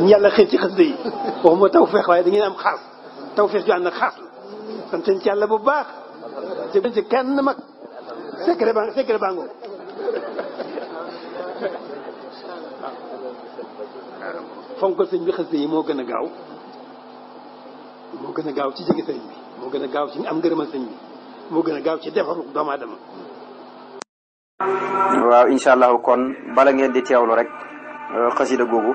ñu yàlla xëy ci xasida yi waxuma tawfeex waaye da am xaas tawfeex ju ànd ak xaas la ci yàlla bu baax jëgën ci kenn mag secret ba secret sëñ bi xasida yi moo gën a gaaw moo gën a gaaw ci jege sëñ bi moo gën a gaaw ci am ngërëmal sëñ bi moo gën a gaaw ci defaru doomu aadama waaw incha allahu kon bala ngeen di teewlu rek xasida googu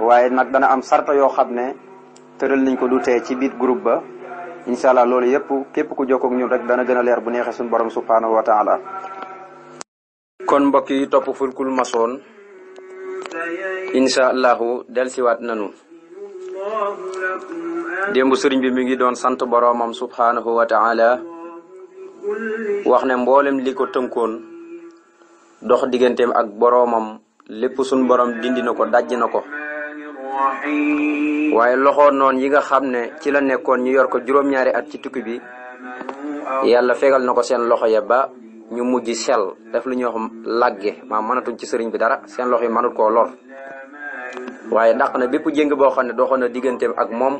waaye nag dana am sarta yoo xam ne tëral nañ ko du tee ci biir groupe ba incha allah loolu yëpp képp ku jokkoo ak ñun rek dana gën a leer bu neexee suñu borom subhaanahu wa taala kon mbokk yi topp fulkul masoon incha allahu dellusiwaat nanu démb sëriñ bi mi ngi doon sant boroomam subhaanahu wa taala wax ne mboolem li ko tënkoon dox digganteem ak boroomam lépp suñ borom dindi na ko dajj na ko waaye loxo noon yi nga xam ne ci la nekkoon ñu yor ko juróom-ñaari at ci tukki bi yàlla fegal na ko seen loxo ya ba ñu mujj sel def lu ñuy wax lagge maa mënatuñ ci sëriñ bi dara seen loxo yi mënut koo lool waaye dàq na bépp jëng boo xam ne doxoon na digganteem ak moom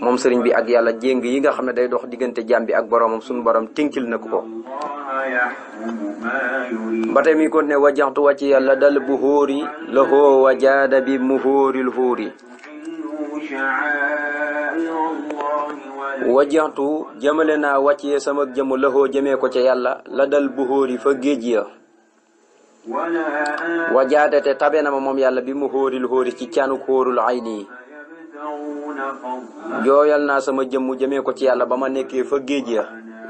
moom sëriñ bi ak yàlla jéng yi nga xam ne day dox diggante jaam bi ak boroomam suñu boroom tinkil na ko ko ba tey mi kon ne wajaxtu wàcc yàlla dal bu xóori la xoo wa jaada bi mu xóoril xóori wajaxtu jëmale naa wàcc ye sama jëmu la xoo ko ca yàlla la dal bu xóori fa géej ya wa jaada te tabe na ma moom yàlla bi mu xóoril xóori ci canuk xóorul ay nii jooyal naa sama jëmmu jëmee ko ci yàlla ba ma nekkee fa géej ya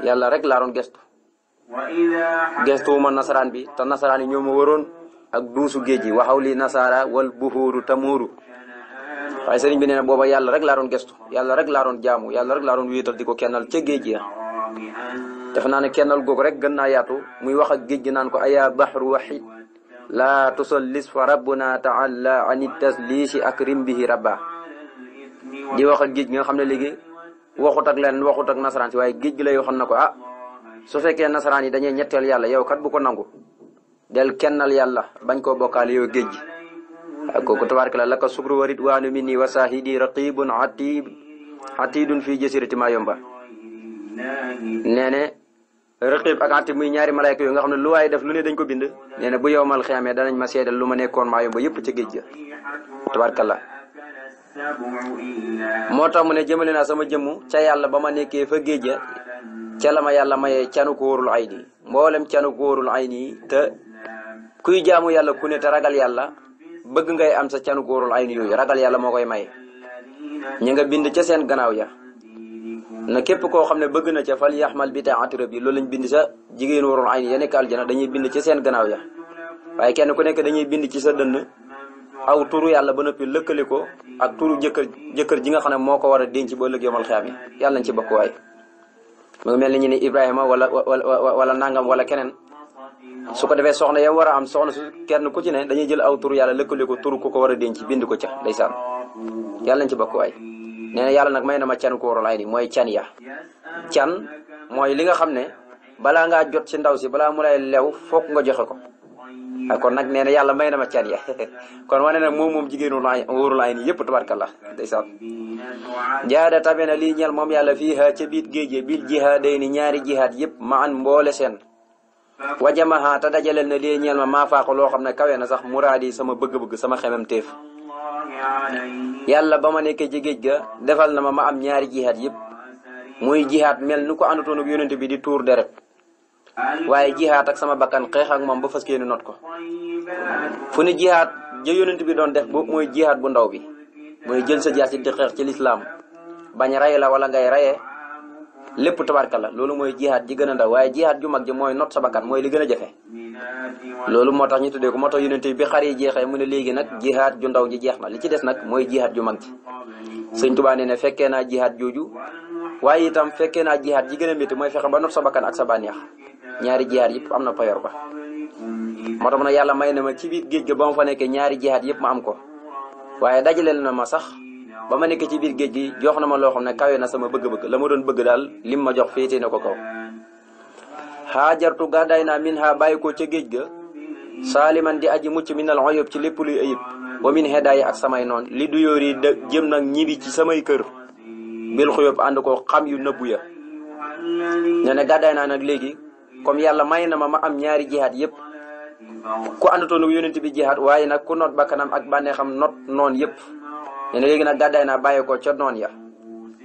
yàlla rek laa doon gestu gestuwuma nasaraan bi te nasaraan yi ñoo ma waroon ak duusu géej gi waxaw li nasaara wal buhuuru tamuuru waaye sëriñ bi nee na booba yàlla rek laa gestu yàlla rek laa doon jaamu yàlla rek laa doon wéetal di ko kennal ca géej ya defe naa ne kennal googu rek gën naa yaatu muy wax ak géej gi naan ko ayaa baxru waxi laa tusallis fa rabbuna taala ani taslisi ak rimbihi rabba di wax ak géej gi nga xam ne léegi waxut ak leen waxut ak nasaraan si waaye géej gi lay waxoon na ko ah su fekkee nasaraan yi dañuy ñetteel yàlla yow kat bu ko nangu del kennal yàlla bañ koo bokkaal yow géej gi waaw kooku tabaaraka la laka sukru wa ridwaanu minni wa fii jasirati nee ne raqib ak ñaari malayka nga xam ne lu waaye def lu ne dañ ko bind nee na bu yowmal xiyamee danañ ma seedal lu ma nekkoon Mayomba yëpp ca géej ga tabaaraka la moo tax mu ne jëmale sama jëmm ca yàlla ba ma nekkee fa géej ca ma yàlla mayee canu góorul ay nii mboolem canu góorul ay nii te kuy jaamu yàlla ku ne te ragal yàlla bëgg ngay am sa canu góorul ay nii yooyu ragal yàlla moo koy maye. ñi nga bind ca seen gannaaw ya na képp koo xam ne bëgg na ca fal yaxmal bi taa atirab lañ bind sa jigéen warul ay nii ya nekk dañuy bind ca seen gannaaw ya waaye kenn ku nekk dañuy bind ci sa dënn aw turu yàlla ba noppi lëkkale ko ak turu jëkkër jëkkër ji nga xam ne moo ko war a denc ba ëllëg yomal xiyaam yi yàlla nañ ci bokk waay mu ngi mel ñu ne Ibrahima wala wala nangam wala keneen su ko defee soxna ya war a am soxna su kenn ku ci ne dañuy jël aw tur yàlla lëkkale ko tur ko ko war a denc bind ko ca ndeysaan yàlla nañ ci bokk waay nee yàlla nag may na ma can kóorol ay ni mooy can ya can mooy li nga xam ne balaa ngaa jot ci ndaw si balaa mu lay lew foog nga joxe ko Ah, kon nag nee na yàlla may na ma cat ya kon wane na moom moom jigéenu laay wóorul yépp nii yëpp tabarkallah ndeysaan jaada tabe na lii ñel moom yàlla fii ca biit géej bil jihaadayni ñaari jihaad yëpp ma an mboole seen wajamaha te dajaleel na lii ñeel ma maa faako loo xam ne kawe na sax muraad yi sama bëgg-bëgg sama xemem téef yàlla ba ma nekkee ci géej ga defal na ma ma am ñaari jihaad yëpp muy jihaad mel ni ko àndatoon ak yonente bi di tuur deret waaye jihaat ak sama bakkan xeex ak moom ba fas yéene not ko fu ne jihaat ja yonent bi doon def boobu mooy jihaat bu ndaw bi mooy jël sa jaasi di xeex ci lislaam bañ rey la ngay reyee lépp tabarka la loolu mooy jihaat ji gën a ndaw waaye jihaat ju mag ji mooy not sa bakkan mooy li gën a jafe loolu moo tax ñu tuddee ko moo tax yonent bi xar yi jeexee mu ne léegi nag jihaat ju ndaw ji jeex na li ci des nag mooy jihaat ju mag ji sëñ Tuubaa ne fekkee naa jihaat jooju waaye itam fekkee naa jihaat ji gën a métti mooy fexe ba not sa bakkan ak sa bànneex ñaari jihaat yëpp am na payoor ba moo tax yàlla may na ma ci biir géej ga ba ma fa nekkee ñaari jihaat yëpp ma am ko waaye dajaleel na ma sax ba ma nekk ci biir géej gi jox na ma loo xam ne kawe na sama bëgg-bëgg la ma doon bëgg daal lim ma jox féetee na ko kaw xaajartu gàddaay naa min ha bàyyi ko ca géej ga saaliman di aji mucc a al ayib ci lépp luy ayib wa min hedaay ak samay noon li du yori yi da jëm nag ñibi ci samay kër bil xuyób ànd ko xam yu ya naa nag léegi comme yàlla may na ma ma am ñaari jihaat yëpp ku àndatoon ak yonent bi jihaat waaye nag ku noot bakkanam ak xam not noon yëpp nee na léegi nag gàddaay naa bàyyeekoo ca noon ya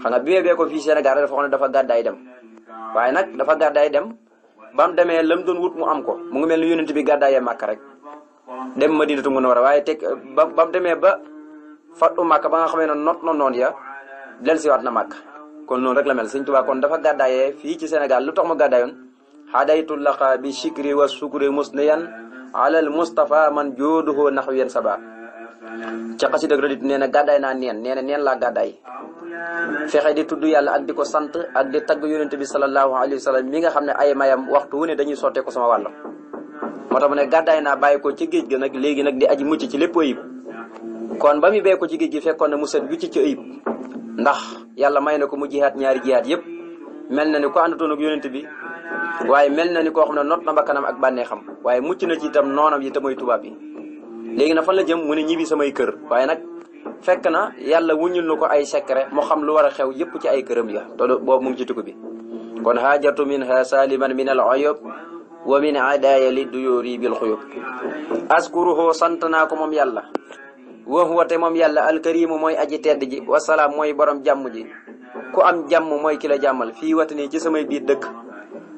xam nga bi mee ko fii Sénégal dafa dafa gàddaay dem waaye nag dafa gàddaay dem ba demee lam doon wut mu am ko mu ngi mel ni yonent bi gàddaayee Màkka rek dem Madinatu Munawwara waaye teg ba ba mu demee ba fatu Màkka ba nga xamee no not na noon ya dellusiwaat na Màkka kon noonu rek la mel Sëñ Tuubaa kon dafa gàddaayee fii ci Sénégal lu tax mu gàddaayoon xadaytu laqa bi shikri wa sukri yan alal Moustapha man jooduhoo naxu yéen saba ca xasida rëdit nee na gàddaay naa neen nee na neen laa gàddaay fexe di tudd yàlla ak di ko sant ak di tagg yonent bi sallallahu alayhi wa sallam mi nga xam ne ay mayam waxtu wu ne dañuy sottee ko sama wàll moo tax mu ne gàddaay naa bàyyi ko ci géej gi nag léegi nag di aji mucc ci lépp ayib kon ba mu bee ko ci géej gi fekkoon na mu set wicc ci ayib ndax yàlla may na ko mu jihaat ñaari jihaat yépp mel na ni ko bi waaye mel na ni ko xam ne not na bakkanam ak bànneexam waaye mucc na ci tam noonam yi te mooy tubaab yi léegi na fan la jëm mu ñibbi samay kër waaye nag fekk na yàlla wuññul na ko ay secret moo xam lu war a xew yëpp ci ay këram ya te boobu mu ngi ci tukki bi kon haajartu minha saliman min al uyub wa min adaya li duyuri bil xuyub askuruhu sant naa ko moom yàlla wa huwa te moom yàlla alkarimu mooy aji tedd ji wasalaam mooy borom jàmm ji ku am jàmm mooy ki la jàmmal fii watani ci samay biir dëkk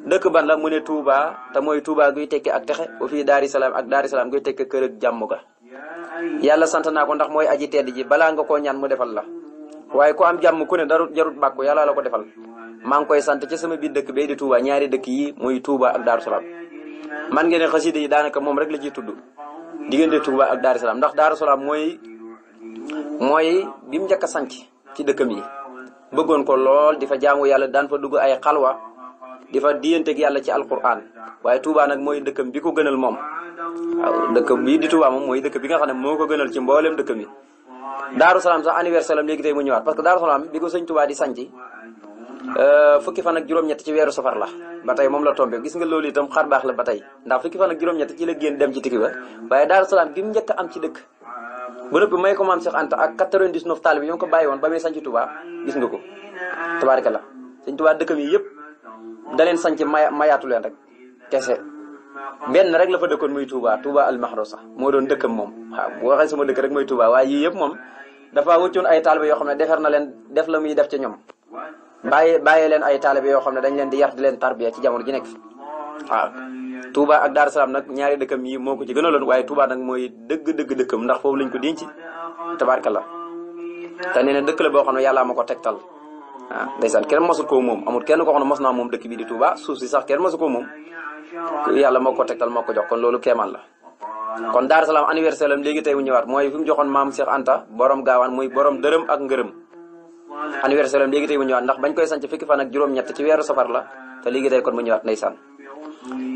dëkk ban la mu ne Touba te mooy Touba guy tekki ak texe wa fii daari ak daari salaam guy tekki kër ak jàmm yàlla sant naa ko ndax mooy aji tedd ji balaa nga koo ñaan mu defal la waaye ku am jàmm ku ne darut jarut bàkku yàlla la ko defal maa ngi koy sant ci sama biir dëkk bee di Touba ñaari dëkk yi muy Touba ak Daaru Salaam man ngeen ne xasida yi daanaka moom rek la ciy tudd diggante Touba ak Daaru Salaam ndax Daaru Salaam mooy mooy bi mu sanc ci dëkkam yi bëggoon ko lool di fa jaamu yàlla daan fa dugg ay xalwa di fa diyanteeg yàlla ci alquran waaye Touba nag mooy dëkkam bi ko gënal moom dëkkam bi nga xam ne moo ko gënal ci mbooleem dëkkam yi Daaru Salaam sax anniversaire am léegi tey mu ñëwaat parce que Daaru Salaam bi ko sëñ Touba di sanc euh, fukki fan ak la ba tey moom la tombé gis nga la ba tey ndax fukki fan ak juróom-ñett ci la génn ko maam Cheikh Anta ak 99 taalibe yi daleen leen sanc mayaatu leen rek kese mbenn rek la fa dëkkoon muy Touba Touba al sax moo doon dëkkam moom waxee sama dëkk rek mooy Touba waaye yii yëpp moom dafa wëccoon ay taalibe yoo xam ne defar na leen def la muy def ci ñoom bàyyi bàyyi leen ay taalibe yoo xam ne dañ leen di yar di leen tarbiya ci jamono ji nekk fi waaw ak Darou Salaam nag ñaari dëkkam yii moo ko ci loon waaye Touba nag mooy dëgg-dëgg dëkkam ndax foofu lañ ko denc tabaarkalla te nee na dëkk la boo xam ne yàlla mo ko tegtal waaw ah, ndeysaan kenn mosul koo moom amul kenn ko xam mos naa moom dëkk bii di Touba suuf si sax kenn mosu koo moom yàlla moo ko tegtal moo ko jox kon loolu kéemaan la kon Daaru Salaam anniversaire lam léegi tey mu ñëwaat mooy fi mu joxoon maam Cheikh Anta borom gaawaan muy borom dërëm ak ngërëm anniversaire lam mu ñëwaat ndax bañ koy sanc fukki fan ak juróom-ñett ci weeru safar la te léegi tey kon mu ñëwaat ndeysaan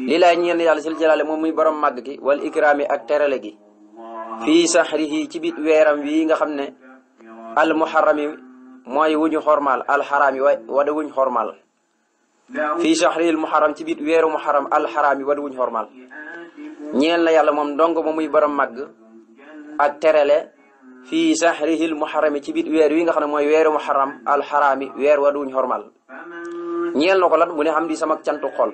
lii laay ñeen yàlla sil jalaale moom muy borom màgg mooy wuñu xormaal alxaraam yi wada wuñ xormaal fii chahril muharam ci biir weeru muharam alxaraam yi wada wuñ xormaal ñeel na yàlla moom ndong ma muy borom màgg ak terele fii chahrihil muharam yi ci biir weer wi nga xam ne mooy weeru muharam alxaraam yi weer wada wuñ xormaal ñeel na ko lan mu ne xam di sama cantu xol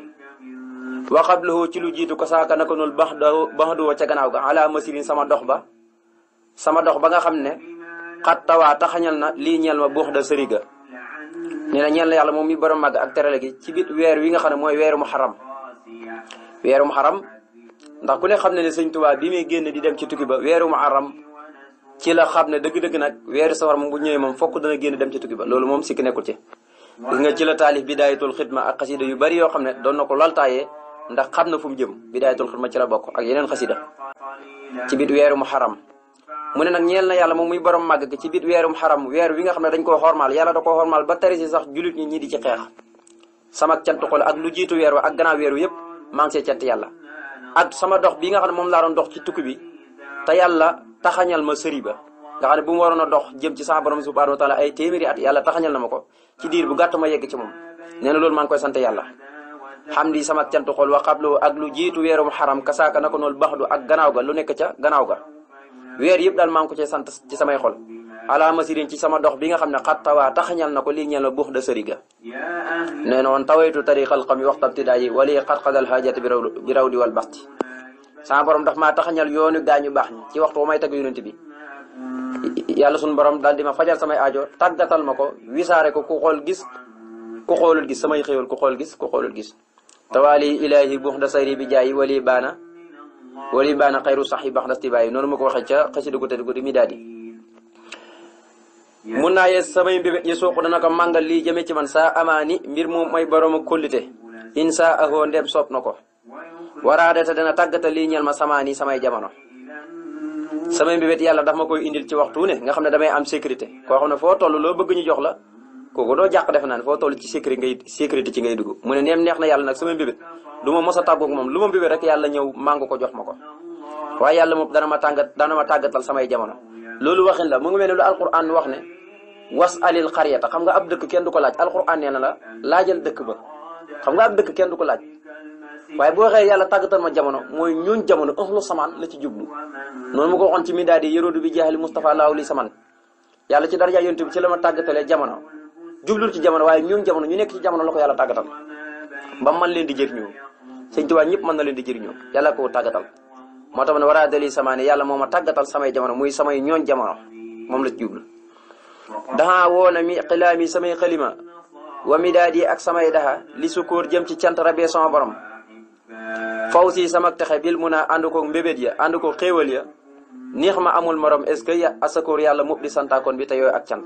wa qablahu ci lu jiitu ko saaka naka ko bax doo bax doo ca gannaaw ga ala masirin sama dox ba xam ne xattawaa ñal na lii ñeel ma buux da sëriga nee na ñeel na yàlla moom mi borom mag ak terale gi ci biir weer wi nga xam ne mooy weeru muharram weeru muharram ndax ku ne xam ne ne sëñ Tuubaa bi muy génn di dem ci tukki ba weeru muharram ci la xam ne dëgg-dëgg nag weer safar moom bu ñëwee moom fokk dana génn dem ci tukki ba loolu moom sikk nekkul ci gis nga ci la taalif bidaayatul xidma ak xasida yu bari yoo xam ne doon na ko laltaayee ndax xam na fu mu jëm bidaayatul xidma ci la bokk ak yeneen xasida biir weeru muharram mu ne nag ñeel na yàlla moom muy borom màgg ci biir weerum xaram weer wi nga xam ne dañ koo xormaal yàlla da koo xormaal ba tari si sax julit ñi di ci xeex sama cant xol ak lu jiitu weer wa ak gannaaw weer yëpp maa cant yàlla ak sama dox bi nga xam ne laa doon dox ci tukki bi te yàlla taxañal ma sëri ba nga xam ne bu mu waroon a dox jëm ci sa borom subhanahu wa taala ay téeméeri at yàlla taxañal na ma ko ci diir bu gàtt ma yegg ci moom nee na loolu maa ngi koy sant yàlla xam di sama cant xol wa xablu ak lu jiitu weerum xaram kasaaka na ko noonu baxdu ak gannaaw ga lu nekk ca gannaaw ga weer yëpp daal maa ngi ko cee ci samay xol ala masirin ci sama dox bi xam ne xat tawaa taxañal na ko lii ñeel la buux de sëriga nee na woon tawaytu tariqal xam yi waxtab tidaayi wali xat xadal xaajati bi raw bi raw di wal basti sama borom daf maa taxañal yoonu gaañu baax ñi ci waxtu bu may teg yonent bi yàlla suñu borom daal di ma fajal samay ajoor tàggatal ma ko wisaare ko ku xool gis ku xoolul gis samay xéewal ku xool gis ku xoolul gis tawaali ilaahi buux da sëri jaayi wali baana wala yi baana xayru sax yi baax na si bàyyi noonu ma ko waxee ca xasida gu tëdd gu di mi daal mun naa ye samay mbébét yi sooq dana ko màngal lii jëme ci man saa amaani mbir moom mooy borom ak kóllite insa ahoo ndem soob na ko waraadata dana tàggata lii ñel ma samaani samay jamono samay mbébét yàlla daf ma koy indil ci waxtu ne nga xam ne damay am sécurité koo xam ne foo toll loo bëgg ñu jox la kooku doo jàq defe naa ne foo toll ci sécurité ngay sécurité ci ngay dugg mu ne neem neex na yàlla nag sama mbébét du ma mos a tàggoog moom lu ma mbébét rek yàlla ñëw màngu ko jox ma ko waaye yàlla moom dana ma tàggat dana ma tàggatal samay jamono loolu waxin la mu ngi mel ne lu alquran wax ne was alil xariyata xam nga ab dëkk kenn du ko laaj alquran nee na la laajal dëkk ba xam nga ab dëkk kenn du ko laaj waaye boo waxee yàlla tàggatal ma jamono mooy ñun jamono ahlu samaan la ci jublu noonu ma ko waxoon ci midaadi yeróodu bi jaahili Mustafa laaw li samaan yàlla ci daraja yonent bi ci la ma tàggatalee jamono jublul ci jamono waaye ñoom jamono ñu nekk ci jamono la ko yàlla tàggatal ba man leen di jëriñoo sëñ Tuubaa ñëpp mën na leen di jëriñoo yàlla ko tàggatal moo tax ma ne war a dali sama yàlla moo ma tàggatal samay jamono muy samay ñoon jamono moom la ci jublu daxaa woona mi xilaami samay xalima wa mi daadi ak samay daxa li sukóor jëm ci cant rabee sama borom faw si sama texe bil mun a ànd ko ya ànd ko xéewal ya neex ma amul morom est-ce que asakóor yàlla mu di santaakoon bi te yooyu ak cant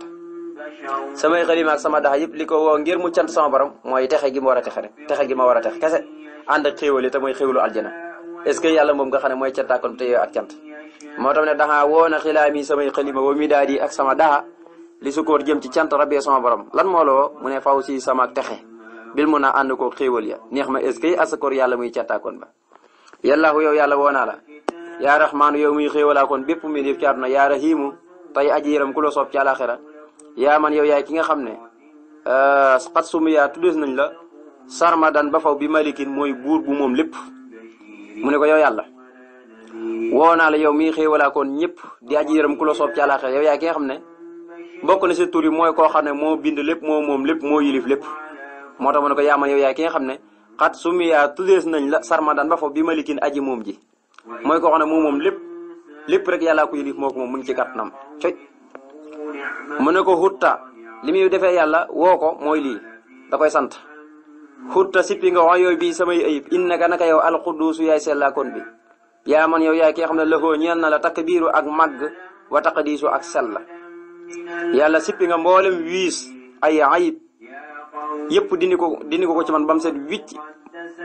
samay xalima ak sama daxa yëpp li ko woo ngir mu cant sama borom mooy texe gi ma war a texe rek texe war a texe kese ànd ak xéewal yi te mooy xéewalu aljana est yàlla moom nga xam mooy cantaakoon te yow na xilaami samay xalima wa mi daadi ak sama daxa li sukkoor jëm ci cant rabee sama lan moo mu ne faw si sama texe bil mun a ànd koo xéewal ya neex ma est-ce que asakoor yàlla muy cantaakoon ba yàllaahu yow yàlla woonaa la yaa raxmaanu yow muy xéewalaakoon bépp mi def ci àdduna yaa raxiimu tey aji yaram ku soob ci yaa man yow yaay ki nga xam ne xat euh, sumu yaa tuddees nañ la sarmadan ba faw bi malikin mooy buur bu moom lépp mu ne ko yow yàlla woo naa la yow mii xéewalaa koon ñëpp di aji yërëm ku la soob ci àllaaxira yow yaay ki nga xam ne bokk na si tur yi mooy koo xam ne moo bind lépp moo moom lépp moo yilif lépp moo tax mu ne ko yaa man yow yaay ki nga xam ne xat sumu yaa tuddees nañ la sarmadan ba faw bi malikin aji moom ji mooy koo xam ne moo moom lépp lépp rek yàllaa ko yilif moo moom mu ci kàttanam mu ne ko xutta li muy defee yàlla woo ko mooy lii da koy sant xutta sippi nga wax yooyu bii samay ayib innaka naka yow alquduusu yaay sellaakoon bi yaa man yow yaay ki xam ne lëxoo ñeel na la takbiiru ak màgg wa taqdiisu ak sell yàlla sippi nga mboolem wiis ay ayib yëpp dindi ko dindi ko ko ci man ba mu set wicc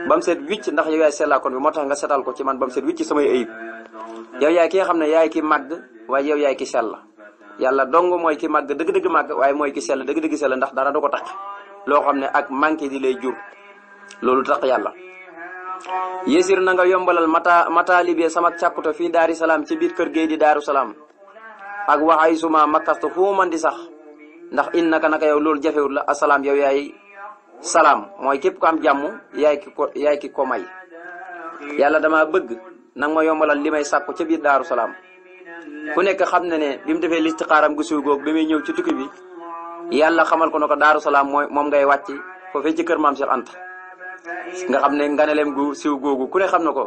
ba mu set wicc ndax yow yaay sellaakoon bi moo tax nga setal ko ci man ba mu set wicc samay ayib ki nga xam ne yaay ki màgg waaye yow yaay ki sell yàlla dong mooy ki màgg dëgg-dëgg màgg waaye mooy ki sell dëgg-dëgg sell ndax dara du ko taq loo xam ne ak manqué di lay jur loolu taq yàlla yésir na yombalal mata mataalibe sama càkkuto fii daari salaam ci biir kër géey di daaru salaam ak waxay suma makkastu fu man di sax ndax in naka naka yow loolu jafewul la asalaam yow yaay salaam mooy képp ko am jàmm yaay ki ko yaay ki may yàlla dama bëgg nanga ma yombalal li may sàkku ci biir daaru salaam ku nekk xam na ne bi mu defee listixaaram gu siw googu ba muy ñëw ci tukki bi yàlla xamal ko ne ko Daaru Salaam mooy moom ngay wàcc foofee ci kër maam ant nga xam ne nganaleem gu siw googu ku ne xam na ko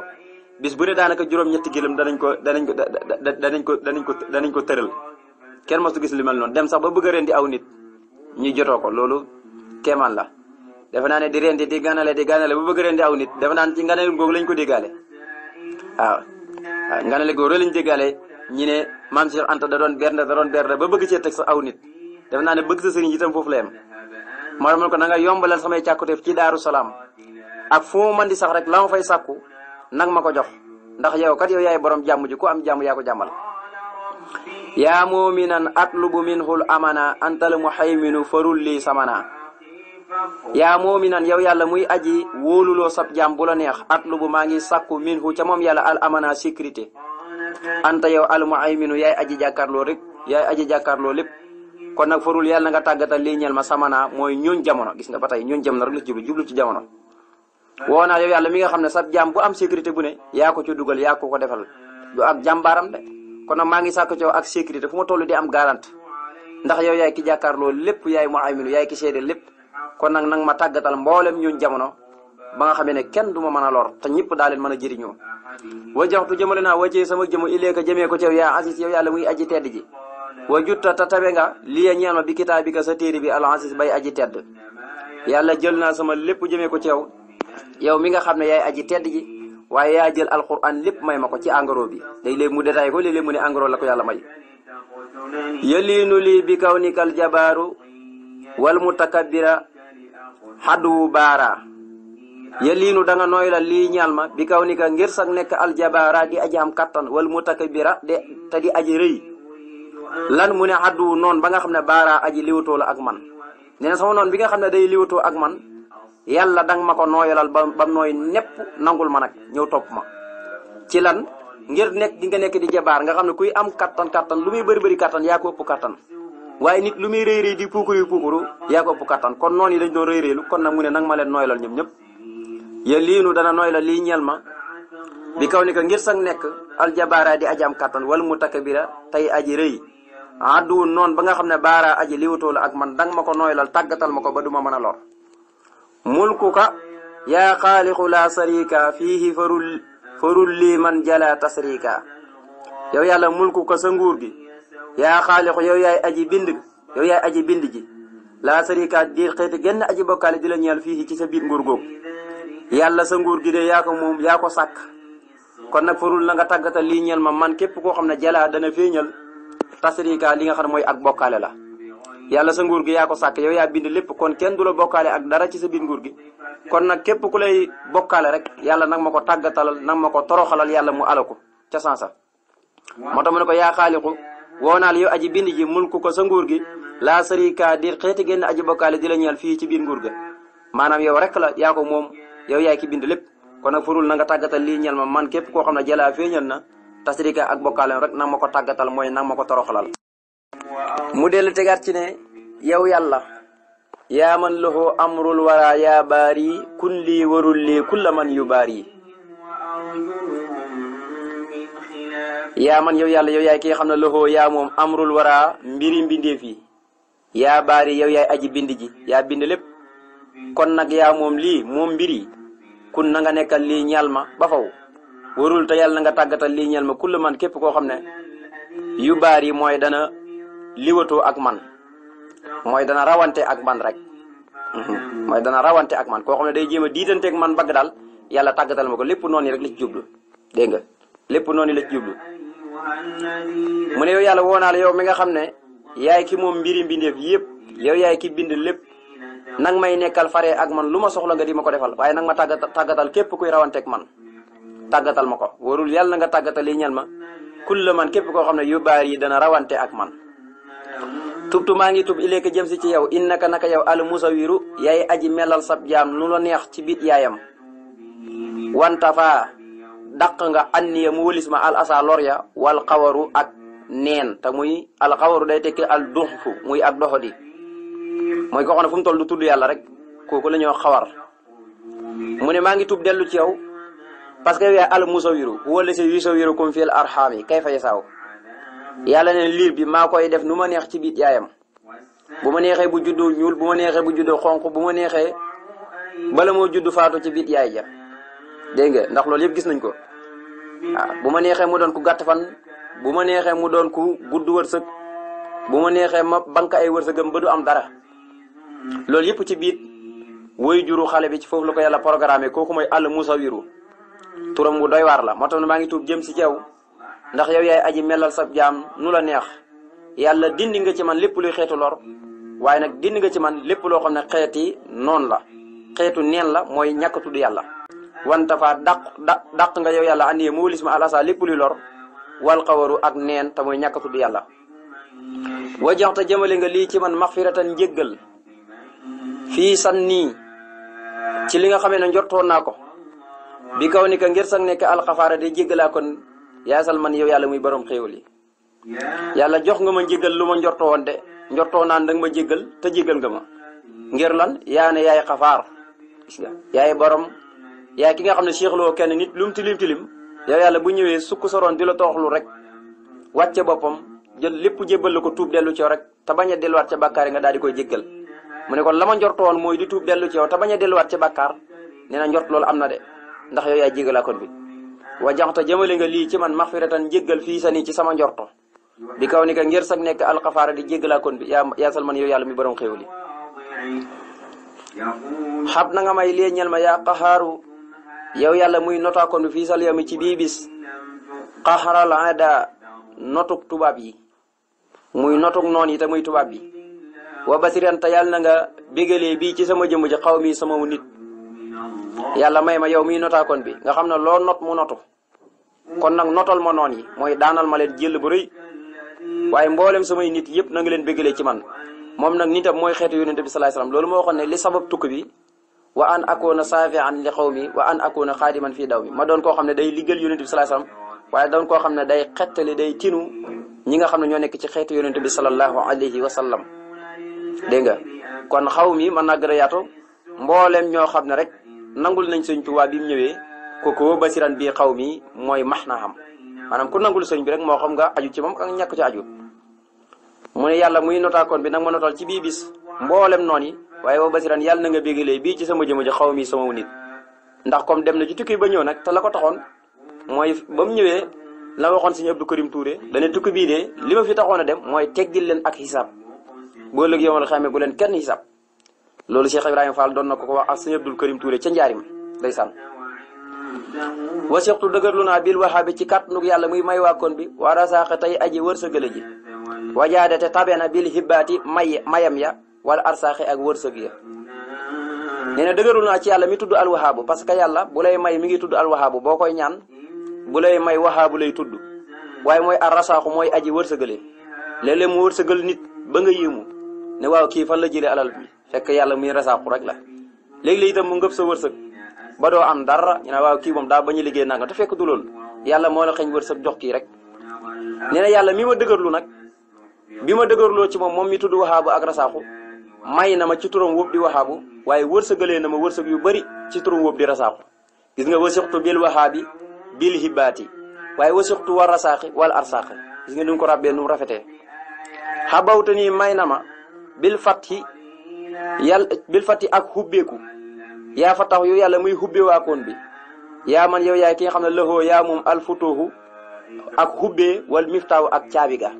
bis bu ne daanaka juróom-ñetti gëlëm danañ ko danañ ko danañ ko danañ ko danañ ko tëral kenn masu gis li mel noonu dem sax ba bëgg a rendi aw nit ñu jotoo ko loolu kéemaan la defe naa ne di rendi di ganale di ganale ba bëgg a rendi aw nit defe naa ne ci nganale googu lañ ko déggaale waaw waaw lañ déggaale ñi ne maam Cheikh Anta da doon bernde da doon bernde ba bëgg cee teg sa aw nit def naa ne bëgg sa sëriñ itam foofu la yem moo tax ko na nga yombalal samay càkkuteef ci daaru salaam ak fu mu di sax rek la ma fay sàkku nag ma ko jox ndax yow kat yow yay boroom jàmm ji ko am jàmm yaa ko jàmmal yaa moominan atlubu minhul amana antal muhayminu farul lii samana yaa moominan yow yàlla muy aji wóoluloo sab jàmm bu la neex atlubu maa ngi sàkku minhu ca moom yàlla al amana sécurité anta yow almuhayminu yaay aji jàkkaarloo rek yaay aji jàkkaarloo lépp kon nag farul yàlla nga tàggatal lii ñeel ma samana mooy ñooñ jamono gis nga ba tey ñooñ jamono rek la ci jublu jublu ci woo naa yow yàlla mi nga xam ne sab jaam am sécurité bu ne yaa ko ci dugal yaa ko ko defal du ak jàmbaaram de kon nag maa ngi sàkk ci ak sécurité fu ma toll di am garante ndax yow yaay ki jàkkaarloo lépp yaay muhayminu yaay ki seede lépp kon nag nag ma tàggatal mboolem ñooñ jamono ba nga xamee ne kenn du ma mën a lor te ñëpp daa leen mën a jëriñoo wajaxtu jëmale naa wajee sama jëmo ileeka jëmee ko ci yaa asis yow yàlla muy aji tedd ji wa jutta ta tabe nga liya ñeel ma bi kitaabi sa téere bi al asis bay aji tedd yàlla jël naa sama lépp jëmee ko ci yow yow mi nga xam ne yaay aji tedd ji waaye yaa jël alquran lépp may ma ko ci engrais bi léeg-léeg mu détaillé ko léeg-léeg mu ne engrais la ko yàlla may yëliinu lii bi kaw nikal jabaaru wal mutakabbira xaduwu baara ya liinu da nga nooy lii ñaal ma bi kaw ni ngir sax nekk aljabaara di aji am kattan wal mutakabira de te di aji rëy lan mu ne xaddu noonu ba nga xam ne baara aji liwatoo la ak man nee na sama noonu bi nga xam ne day liwatoo ak man yàlla danga ma ko nooyalal ba bam nooy nepp nangul ma nag ñëw topp ma ci lan ngir nekk di nga nekk di jabaar nga xam ne kuy am kattan kattan lu muy bari bëri kattan yaa ko ëpp kattan waaye nit lu muy rëy rëy di puukuru puukuru yaa kon noon yi dañ doon rëy rëylu kon nag mu ne nag ma leen nooyalal ya liinu dana nooy la lii ma bi kaw ni ko ngir sax nekk aljabaara di aji am kattan wala mu takabira tey aji rëy àdduwun noonu ba nga xam ne baara aji liwutoo la ak man dang ma ko nooylal tàggatal ma ko ba du ma mën a lor mulkuka yaa xaaliqu laa sarika fiihi farul farul lii man jala tasrika yow yàlla mulkuka sa nguur gi yaa xaaliqu yow yaay aji bind yow yaay bind ji laa sarika di xeeti genn aji bokkaale di la ñeel fiihi ci sa biir nguur googu yàlla sa nguur gi de yaa ko moom yaa ko sàkk kon nag farul na nga tàggata lii ñeel ma man képp koo xam ne jalaa dana feeñal tasrika li nga xam ne mooy ak bokkaale la yàlla sa nguur gi yaa ko sàkk yow yaa bind lépp kon kenn du la bokkaale ak dara ci sa biir nguur gi kon nag képp ku lay bokkaale rek yàlla nag ma ko tàggatalal nag ma ko toroxalal yàlla mu ala ko ca sa moo tax mu ne ko yaa xaaliqu woo naal yow aji bind ji mulku ko sa nguur gi laa sarika di xeeti génn aji bokkaale di la ñeel fii ci biir nguur ga maanaam yow rek yow yaay ki bind lépp kon nag furul na tàggatal lii ñel ma man képp koo xam ne jalaa feeñal na tasrika ak bokkaaleem ko tàggatal mooy nang ma ko toroxalal mu dellu tegaat ci yow yàlla yaa man lahu amrul wara yaa kun lii warul lii kulla man yu baari yaa man yow yàlla yow yaay ki nga xam ne lahu yaa moom amrul wara mbiri mbindeef yi yaa baari yow yaay aji bind yaa bind lépp kon nag yaa moom lii moom mbiri kun na nga nekkal lii ñal ma ba faw warul te yàlla na nga tàggatal lii ñal ma kull man képp koo xam ne yu baar yi mooy dana liwato ak man mooy dana rawante ak man rek mooy dana rawante ak man koo xam ne day jéem a man bag daal yàlla tàggatal ma ko lépp noonu rek la ci lépp mu ne yow yàlla woo yow mi nga xam ne yaay ki moom mbiri mbindeef yëpp yow yaay ki bind lépp nang may nekkal fare ak man lu ma soxla nga di ma ko defal waaye nag ma tàggat képp koy rawanteeg man tàggatal ma ko warul yàlla na nga tàggatal li ma kulla man képp koo xam ne yu baar yi dana rawante ak man tubtu maa ngi tub ileeka jëm si ci yow innaka naka yow al musawiru yaay aji melal sab jaam lu la neex ci biit yaayam wanta faa daq nga anniya mu wëlis ma al asa lor ya wal xawaru ak neen te muy al xawaru day tekki al duxfu muy ak doxodi mooy koo xam ne fu mu toll du tudd yàlla rek kooku la ñoo xawar mu ne maa ngi tub dellu ci yow parce que yow yaay al musawiru wala si yusawirukum fil arhami kayfa yasaw yàlla ne liir bi maa koy def nu ma neex ci biit yaayam bu ma neexee bu juddoo ñuul bu ma neexee bu juddoo xonq bu ma neexee bala moo juddu faatu ci biit yaay ja dégg nga ndax loolu yëpp gis nañ ko ah, bu ma neexee mu doon ku gàtt fan bu ma neexee mu doon ku gudd wërsëg bu ma neexee ma banque ay wërsëgam ba du am dara loolu yëpp ci biir woy juru xale bi ci foofu la ko yàlla programme kooku mooy àll musawiru turam wu doy waar la moo tax maa ngi tuub jëm si jaww ndax yow yaay aji melal sab jaam nu la neex yàlla dindi nga ci man lépp luy xeetu lor waaye nag dindi nga ci man lépp loo xam ne xeeti noonu la xeetu neen la mooy ñàkk yàlla wanta fa dàq dàq nga yow yàlla andiyee moolis ma alasa lépp luy lor wal xawaru ak neen te mooy ñàkk tudd yàlla wajaxta jëmale nga lii ci man maxfiratan njéggal fii san nii ci li nga xamee ne njortoon naa ko bi kaw ni ka ngir sax nekk alxafaara de jéggalaa kon yaasal man yow yàlla muy borom xéewal yi yàlla jox nga ma njéggal lu ma njortoo de njortoo naan danga ma jéggal te jéggal nga ma ngir lan yaa ne yaay xafaar gis nga yaay borom yaay ki nga xam ne séexloo kenn nit mu tilim tilim yow yàlla bu ñëwee sukk soroon di la tooxlu rek wàcce boppam jël lépp jébbal la ko tuub dellu ci rek te bañ a delluwaat ca yi nga daal di koy jéggal mu ne kon la ma njortoon mooy di tuub dellu ci yow te a delluwaat ci bàkkaar nee na njort loolu am na de ndax yow yaay jégalaakoon bi wa jaxta jëmale nga lii ci man maxfiratan jéggal fii sa nii ci sama njorto bi kaw ni ka ngir sag nekk alxafaara di jégalaakoon bi yaa yaa salman yow yàlla mi borom xéewli xab na nga may lee ñel ma yaa qaxaaru yow yàlla muy notaakoon bi fii sal yow ci bii bis qaxaral ada notuk tubaab yi muy notuk noon yi ta muy tubaab yi wa basiran te yàlla na nga bégalee bii ci sama jëmm ji xaw mi sama wu nit yàlla may ma yow miy notaakoon bi nga xam ne loo not mu kon nag notal ma noon yi mooy daanal ma leen jël bu rëy waaye mboolem samay nit yëpp na nga leen bégalee ci man moom nag nitam mooy xeetu yonente bi salaay salaam loolu moo waxoon ne li sabab tukki bi wa an akoona an li xaw mi wa an akoona xaadiman fi daw mi ma doon ko xam ne day liggal yonente bi salaay salaam waaye doon koo xam ne day xettali day tinu ñi nga xam ne ñoo nekk ci xeetu yonente bi sallallahu alayhi wa sallam dégg nga kon xaw mi mën naa gën mboolem ñoo xam ne rek nangul nañ sëñ Tuubaa bi mu ñëwee kooku basiran bii xaw mi mooy max naa xam maanaam ku nangul sëñ bi rek moo xam nga aju ci moom ak ñàkk ci aju mu ne yàlla muy notaakoon bi nag ma notal ci bii bis mboolem noon yi waaye wa basiran yàlla na nga bégalee bii ci sama jëmm ji xaw mi sama nit ndax comme dem na ci tukki ba ñëw nag te la ko taxoon mooy ba mu ñëwee la waxoon sëñ Abdou Karim Touré dane tukki bii de li fi taxoon a dem mooy teggil leen ak xisaab bu ëllëg yomal xamee gu leen kenn xisaab loolu Cheikh Ibrahima Fall doon na ko ko wax ak sëñ Abdul Karim Touré ca njaarim ndeysaan wasixtu dëgërlu naa bil bi ci kàttanug yàlla muy may wàkkoon bi wara saaxa tey aji wërsëgale ji wajaadate tabena bil hibbaati may mayam ya wala arsaaxe ak wërsëg ya nee na dëgërlu naa ci yàlla mi tudd alwahaabu parce que yàlla bu lay may mi ngi tudd al alwahaabu boo koy ñaan bu lay may wahaabu lay tudd waaye mooy arrasaaxu mooy aji wërsëgale léeg-léeg ne waaw kii fan la jëlee alal fekk yàlla muy rasaaku rek la léegi-léegi itam mu ngëb sa wërsëg ba doo am dara ñu waaw kii moom daa bañ a liggéey nanga te fekk du loolu yàlla moo la xëñ wërsëg jox kii rek nee na yàlla mi ma dëgërlu nag bi ma dëgërloo ci moom moom mi tudd waxaabu ak rasaaku may na ma ci turam wóob di waxaabu waaye wërsëgalee na ma wërsëg yu bari ci turam wóob di rasaaku gis nga wasixtu bil waxaabi bil hibaati waaye wasixtu war rasaaxi wala arsaaxi gis nga duñ ko ràbbee nu mu na ma bil fathi ak hubbeeku yaa fatax yow yàlla muy hubbewaakoon bi yaa man yow yaay ki nga xam ne lëxoo yaa moom alfutuhu ak hubbee wal miftaaw ak caabi ga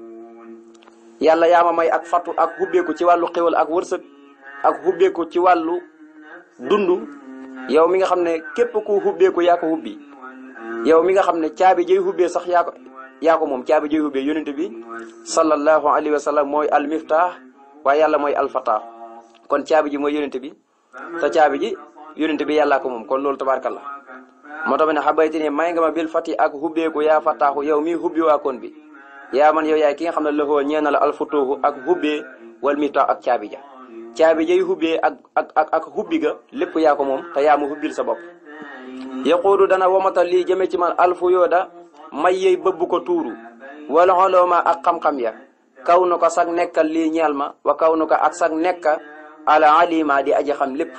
yàlla yaa ma may ak fatu ak hubbeeku ci wàllu xéwal ak wërsëg ak hubbeeku ci wàllu dund yow mi nga xam ne képp ku hubbeeku yaa ko hubbi yow mi nga xam ne caabi jëy hubbee sax yaa ko moom caabi jëy hubbee yonent bi sallallahu alayhi wa sallam mooy al miftaax waaye yàlla mooy alfata kon caabi ji mooy yonente bi te caabi ji yonente bi yàllaa moom kon loolu tabaarkalla moo tax ma ne xabayte ne may nga ma bil fati ak hubbeeku yaa fataaxu yow mii hubbi waakoon bi yaa man yow yaay ki nga xam ne loxoo ñee na la alfutuuxu ak hubbee wal mi tax ak caabi ja caabi jay hubbee ak ak ak ak hubbi ga lépp yaa ko moom te yaa mu hubbil sa bopp yaquudu dana wamata lii jëme ci man alfu yooda may yey bëbb ko tuuru wala xoloo ak xam-xam ya kaw nu ko sag nekka lii ñeel ma wa kaw nu ko ak sag nekka ala ma di aji xam lépp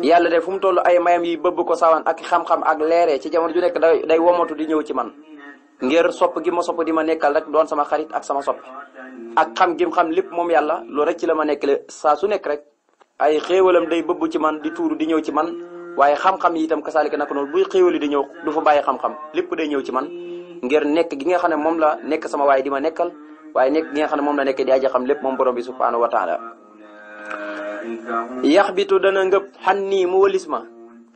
yàlla de fu mu toll ay mayam yi bëbb ko sawan ak xam-xam ak leere ci jamono ju nekk day day womatu di ñëw ci man ngir sopp gi ma sopp di ma nekkal rek doon sama xarit ak sama sopp ak xam gi xam lépp moom yàlla loolu rek ci la ma nekkale saa su nekk rek ay xéewalam day bëbb ci man di tuuru di ñëw ci man waaye xam-xam yi itam kasaalika nak noonu buy xéewali di ñëw du fa bàyyi xam-xam lépp xam ne moom la nekk sama waaye waaye nekk gi nga xam ne moom la nekkee di aji xam lépp moom borom bi subhaanahu wa taala bi bitu dana ngëb xan nii mu walis ma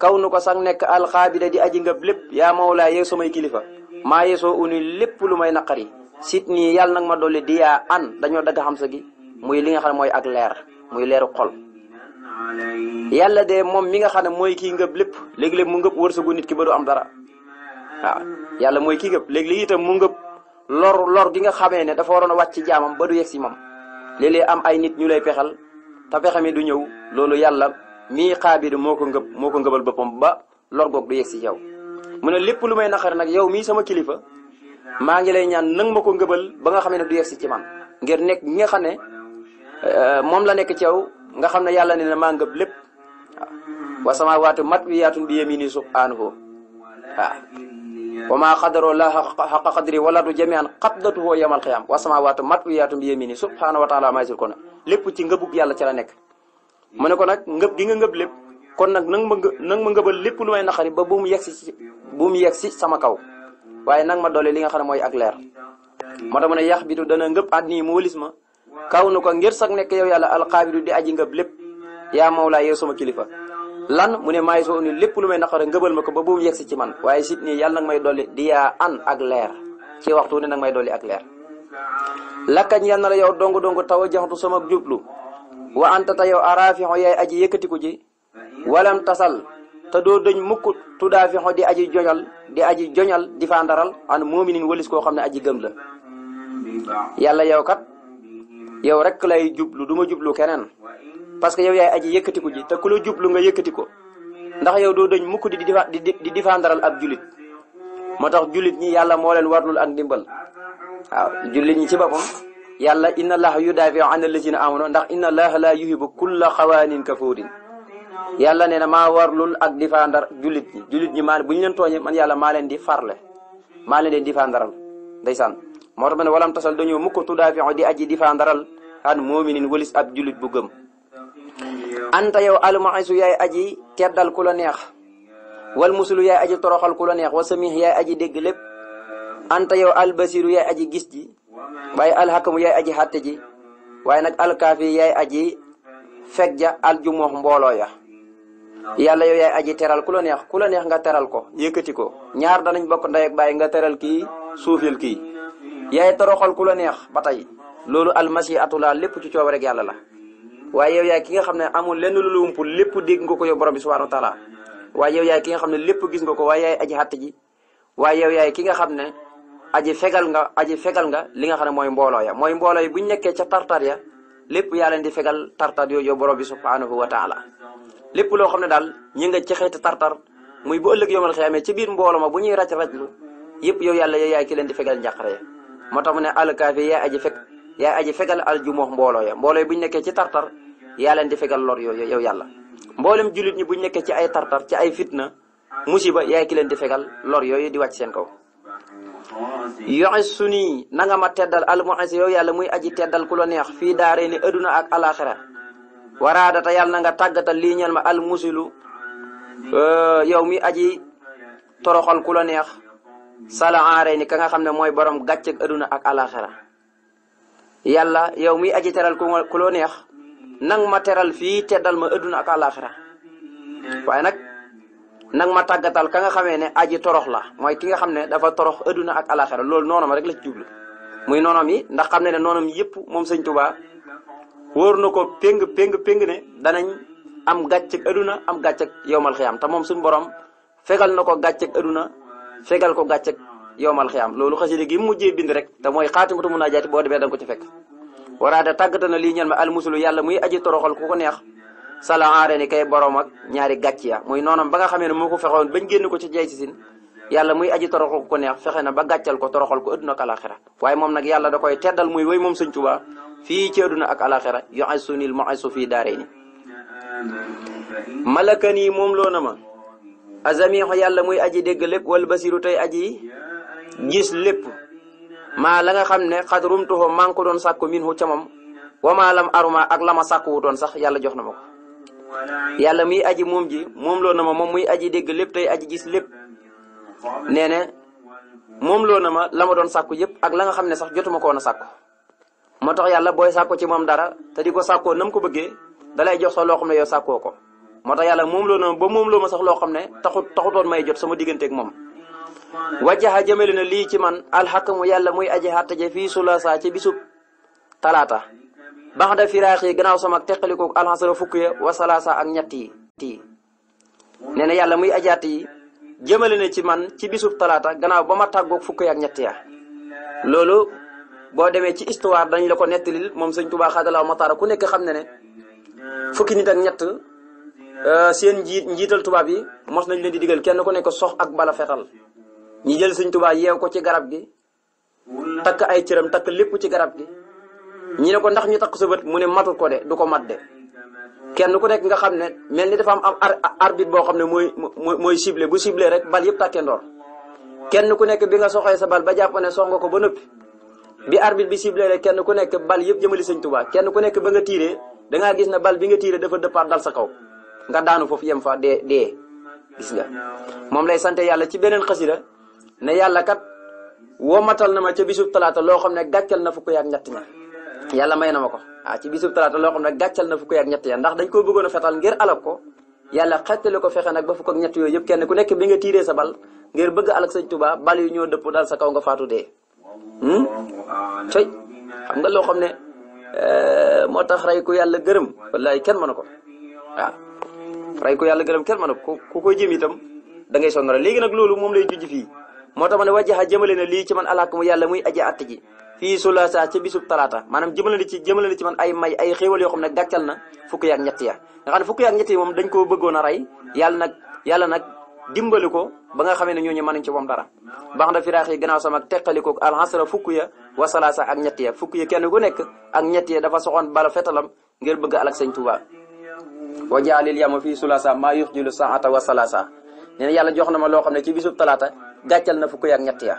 kaw nu ko sax nekk alxaabida di aji ngëb lépp yaa mawlaa yow samay kilifa maa yesoo uni lépp lu may naqari sit nii yàlla nag ma doole di yaa an dañoo dagg xam sa gi muy li nga xam ne mooy ak leer muy leeru xol yàlla de moom mi nga xam ne mooy kii ngëb lépp léegi-léeg mu ngëb wërsëgu nit ki ba du am dara waaw mooy kii ngëb lor lor gi nga xamee ne dafa waroon a wàcc jaamam ba du yegg si moom léeg-léeg am ay nit ñu lay pexal te pexe mi du ñëw loolu yàlla mii xaabiru moo ko ngëb moo ko ngëbal ba lor goog du yegg si yow. mu ne lépp lu may naqare nag yow mii sama kilifa maa ngi lay ñaan nang ma ba nga xamee ne du yegg si ci man ngir nekk ñi nga xam ne euh, moom la nekk ci yow nga xam ne yàlla ne na maa ngëb lépp waaw wa samaawaatu matwiyaatun bi yamiini subhaanahu waaw wa maa qadaroo laa xaqa qadri wala du jamian qabdatuhu yawmal qiyaam wa samaawaatu matwiyaatun bi yamini subhaana wa taala maa ko na lépp ci ngëbug yàlla ci la nekk mu ne ko nag ngëb gi nga ngëb lépp kon nag nang ma nang ma lépp lu may naqari ba bu mu yegg si bu mu si sama kaw waaye nag ma doole li nga xam ne mooy ak leer moo tax mu ne yax bitu dana ngëb at nii mu wëlis ma kaw nu ko ngir sax nekk yow yàlla alqaabidu di aji ngëb lépp yaa mawlaa yow sama kilifa lan mu ne maay soo ni lépp lu may naqara ngëbal ma ko ba bu mu yegsi ci man waaye sit nii yàlla nag may dolli diyaa an ak leer ci waxtu ne nag may dolli ak leer lakkañ yal na la yow dong dong taw a jaxatu sama jublu wa anta ta yow araafixo yaay aji yëkkatiku ji walam tasal te doo dëñ mukk tudaafixo di aji joñal di aji joñal di fandaral an moominin walis koo xam ne aji gëm la yàlla yow kat yow rek lay jublu du ma jublu keneen parce que yow yaay aji yëkkatiku ji te ku la jublu nga yëkkati ko ndax yow doo dañ mukk di di di défendral ab julit moo tax julit ñi yàlla moo leen warlul ak ndimbal waaw julit ñi ci boppam yàlla inna allaha yudaafiu an allazina amanu ndax inna allaha la yuhibu kulla xawaanin kafuurin yàlla nee na maa warlul ak défendar julit ñi julit ñi maa bu ñu leen tooñee man yàlla maa leen di farle maa leen di défendaral ndeysaan moo tax ma ne walam tasal dañoo mukk tudaafiu di aji défendaral an moominin walis anta yow almuisu yaay aji teddal ku la neex wal musulu yaay aji toroxal ku la neex wa samih yaay aji dégg lépp anta yow al albasiru yaay aji gis ji waaye alxakamu yaay aji xatte ji waaye nag alkaafi yaay aji fekk ja aljumoox mbooloo ya yàlla yow yaay aji teral ku la neex ku neex nga teral ko yëkkati ko ñaar danañ bokk ndey ak nga teral kii suufil kii yaay toroxal ku la neex ba tey loolu almasiatu la lépp ci coob rek yàlla la waaye yow yaay ki nga xam ne amul lenn lu lumpul lép dégg nga ko yow borom bi subhanahu wa taala waaye yow yaay ki nga xam ne lépp gis nga ko waaye yaay aji xàtt ji waaye yow yaay ki nga xam ne aj fegal nga aji fegal nga li nga xam ne mooy mbooloo ya mooy mbooloo yi bu nekkee ca tartar ya lépp yaa leen di fegal tartar yooyu yow borom bi subhanahu wa taala lépp loo xam ne daal ñi nga ci xeeti tartar muy bu ëllëg yomal xiyaamee ci biir mbooloo ma bu ñuy raj rajlu yëpp yow yàlla yow yaay ki leen di fegal njàqare ya moo tax mu ne alkaafi yaay aj fekk yaay aj fegal al jumoox mbooloo ya mbooloo bu ñu nekkee ci tartar yaa leen di fegal lor yooyu yow yàlla mboolem jullit ñi bu ñu nekkee ci ay tartar ci ay fitna musiba yaay ki leen di fegal lor yooyu di wàcc seen kaw yoxis su ma teddal almuxis yow yàlla muy aji teddal ku la neex fii daaree ni ak alaxira waraadata yàlla na tàggatal lii ñeel ma almusilu euh, yow mi aji toroxal ku neex sala enrey ni ka xam ne mooy borom gàcc ak ak alaxira yàlla yow mi aji teral ku neex nang ma teral fii teddal ma adduna ak àllaaxira waaye nag nang ma tàggatal ka nga xamee ne aji torox la mooy ki nga xam ne dafa torox adduna ak àllaaxira loolu ma rek la ci jublu muy noonam yi ndax xam ne ne mi yëpp moom sëñ Tuubaa wóor na ko péng péng péng ne danañ am gàcceg adduna am gàcceg yowmal xiyaam te moom suñu borom fegal na ko gàcceg adduna fegal ko gàcceg yowmal xiyaam loolu xasida gi mujjee bind rek te mooy xaatimatu munaajaati boo demee da ko ci fekk waraada tàggata na lii ñel ma almusulu yàlla muy aji toroxal ku ko neex sala ni kay borom ak ñaari gàcc ya muy noonam ba nga xamee ne moo ko fexoon bañ génn ko ci jay sin yàlla muy aji toroxal ko neex fexe na ba gàccal ko toroxal ko adduna ak alaxira waaye moom nag yàlla da koy teddal muy woy moom sëñ Tuubaa fii ci adduna ak alaxira yu'assunil mu'assu fii daaray ni malaka nii moom loo na ma yàlla muy aji dégg lépp wala basiru tey aji gis lépp maa la nga xam ne xad rumtuhu maa ngi ko doon sàkku minhu ca moom wa maa lam aruma ak la ma sàkkuwu doon sax yàlla jox na ma ko yàlla muy aji moom ji moom loo na ma moom muy aji dégg lépp tey aji gis lépp nee na moom loo na ma la ma doon sàkku yëpp ak la nga xam ne sax jotuma koon a sàkku moo tax yàlla booy sàkku ci moom dara te di ko sàkkoo nam ko bëggee dalay jox sax loo xam ne yow sàkkoo ko moo tax yàlla moom loo na ma ba moom loo ma sax loo xam ne taxut taxutoon may jot sama digganteeg moom wajjaxa jëmale na lii ci man alxakamu yàlla muy aji xàtte ja fii saa ci bisub talaata baxda firaax yi gannaaw sama teqalikoog alxasara fukk ya wa salaasa ak ñett yi nee na yàlla muy aji xàtte yi jëmale na ci man ci bisub talaata gannaaw ba ma tàggoog fukk ya ak ñett ya loolu boo demee ci histoire dañ la ko nettalil moom sëñ Tuubaa xaadalaaw mataara ku nekk xam ne ne fukki nit ak ñett euh, seen njiit njiital tubaab yi mos nañ leen di digal kenn ku nekk sox ak bala fetal ñi jël sëñ Tuubaa yeew ko ci garab gi takk ay cëram takk lépp ci garab gi ñi ne ko ndax ñu takk sa bët mu ne matul ko de du ko mat de kenn ku nekk nga xam ne mel ni dafa am am arbitre boo xam ne mooy mooy ciblé bu ciblé rek bal yëpp tàkkee ndoor kenn ku nekk bi nga soxee sa bal ba jàpp ne nga ko ba noppi bi arbitre bi ciblé rek kenn ku nekk bal yëpp jëmali sañ tubaa kenn ku nekk ba nga tiiree da gis ne bal bi nga tiire dafa dëppaat dal sa kaw nga daanu foofu yem fa dee dee gis nga moom lay sante yàlla ci beneen xasida ne yàlla kat woo matal na ma ca bisub talaata loo xam ne gàccal na fu fukk yaak ñett ña yàlla may na ma ko ah ci bisub talaata loo xam ne gàccal na fukk ak ñett ya ndax dañ koo bëggoon a fetal ngir alak ko yàlla xettali ko fexe nag ba fukk ak ñett yooyu yëpp kenn ku nekk bi nga tiiree sa bal ngir bëgg alak sëñ Tuubaa bal yu ñoo dëpp daal sa kaw nga faatu dee hmm? coy xam nga loo xam ne eh, moo tax rey ku yàlla gërëm kenn mënu ko waaw yàlla gërëm kenn mënu ko ko jëm itam da ngay sonn rek léegi nag loolu moom lay jujj fii moo tax ma ne wajjaxa jëmale na lii ci man alak mu yàlla muy aji àtt ji fii sulaasa ca bisub talaata maanaam jëmale na ci jëmale na ci man ay may ay xéewal yoo xam ne gàccal na fukki yaak ñett ya nga xam ne fukki yaak ñett yi moom dañ koo bëggoon a rey yàlla nag yàlla dimbali ko ba nga xamee ne ñooñu mënuñ ci moom dara baax na firaax yi gannaaw sama teqalikoog alxasra fukk ya wa salaasa ak ñett ya fukk ya kenn ku nekk ak ñett ya dafa soxoon bala fetalam ngir bëgg alak sëñ Tuubaa wa jaalil yama fii sulaasa maa yux jilu saata wa salaasa nee yàlla jox na ma loo xam ne ci bisub talaata gàccal na fukk yaak ñett ya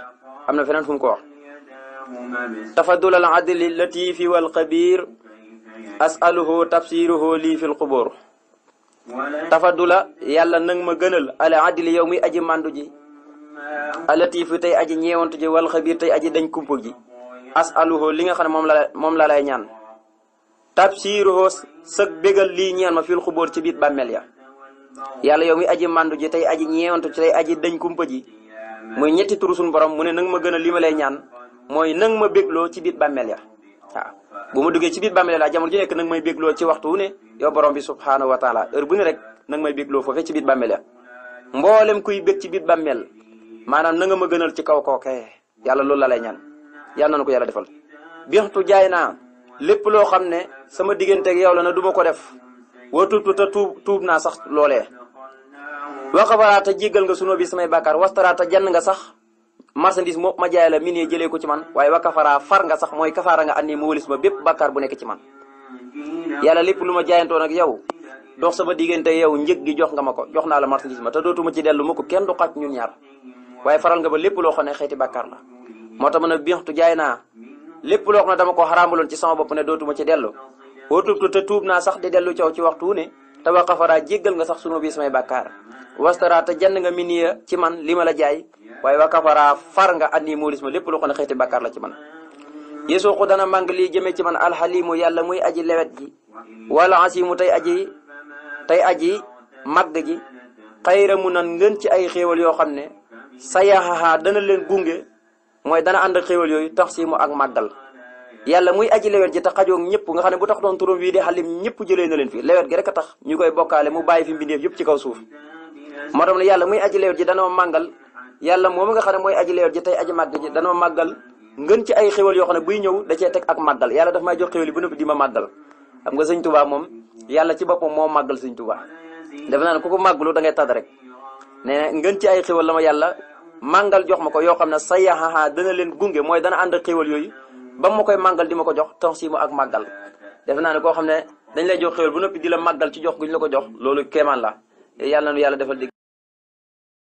am na feneen fu mu ko wax tafadul al adli latifi wal xabir asaluhu tafsiruhu lii fi lxuboor tafadula yàlla nang ma gënal al adli yow aji màndu ji alatifu tey aji ñeewantu ji wal xabir tey aji dañ kumpa ji li nga xam ne moom la moom la lay ñaan tafsiruhu sëg bégal lii ñeen ma fil xubóor ci biit bàmmeel ya yàlla yow mi aji màndu ji tey aji ñeewantu ci aji dañ kumpa ji muy ñetti turu borom mu ne nanga ma gën a li ma lay ñaan mooy nanga ma bégloo ci biir bàmmeel ya waaw bu ma duggee ci biir bàmmeel laa jamono ji nekk nanga may bégloo ci waxtu wu ne yow borom bi subhaanahu wa taala heure bu ne rek nanga may bégloo foofee ci biir bàmmeel ya mboolem kuy bég ci biir bàmmeel maanaam nanga ma gënal ci kaw kookee yàlla loolu la lay ñaan yàlla na ko yàlla defal bixtu jaay naa lépp loo xam ne sama digganteeg yow la na du ma ko def woo tuub te tuub naa sax loolee waa waxafaraata jéggal nga sunoo bi samay bàkkaar wastaraata jënd nga sax marchandise moo ma jaayal la mi ne jëlee ko ci man waaye wakafaraa far nga sax mooy kafaara nga andi ma ma bépp bàkkaar bu nekk ci man yàlla lépp lu ma jaayantoon ak yow dox sama diggante yow njëg gi jox nga ma ko jox naa la marchandise ma te dootuma ci dellu ko kenn du xaj ñun ñaar waaye faral nga ba lépp loo xam ne xeeti bàkkaar la moo tax ma ne biixtu jaay naa lépp loo xam ne dama ko xaraamaloon ci sama bopp ne dootuma ci dellu oo tubtu te tuub naa sax di dellu caw ci waxtu wu ne te waqafara jéggal nga sax sunu bi samay bàkkaar wastara te jënd nga miniya ci man li ma la jaay waaye wa kafara far nga andi moolisma lépp loo ne xeeti bàkkaar la ci man yeesoo ko dana màng lii jëmee ci man alxalimu yàlla muy aji lewet ji wala asimu tey aji tey aji màgg ji xayra mu nan ngeen ci ay xéewal yoo xam ne sa yaxaxaa dana leen gunge mooy dana ànd ak yooyu tax si mu ak màggal yàlla muy aji lewet ji te xajoog ñëpp nga xam ne bu tax doon turam wii di xalim ñëpp jëlee na leen fi lewet gi rek a tax ñu koy bokkaale mu bàyyi fi mbindeef yëpp ci kaw suuf moo tax ne yàlla muy aji leewet ji danoo màngal yàlla moom nga xam ne mooy aji ji tey aji màgg ji danoo màggal ngën ci ay xéwal yoo xam ne buy ñëw da cee teg ak màggal yàlla daf maa jox xéwal yi bu di ma màggal xam nga sëñ moom yàlla ci boppam moo màggal sëñ Tuubaa defe naa ne ku ko màggalu da tad rek nee ngën ci ay xéwal yàlla màngal jox ma ko yoo xam ne sa yahaha dana leen gunge mooy dana ànd ak yooyu ba ma koy màngal di ma ko jox tax si mu ak màggal defe naa ne koo xam ne dañ lay jox xéwal bu noppi di la màggal ci jox guñ la ko jox loolu kéemaan la yàlla na nu yàlla defal dégg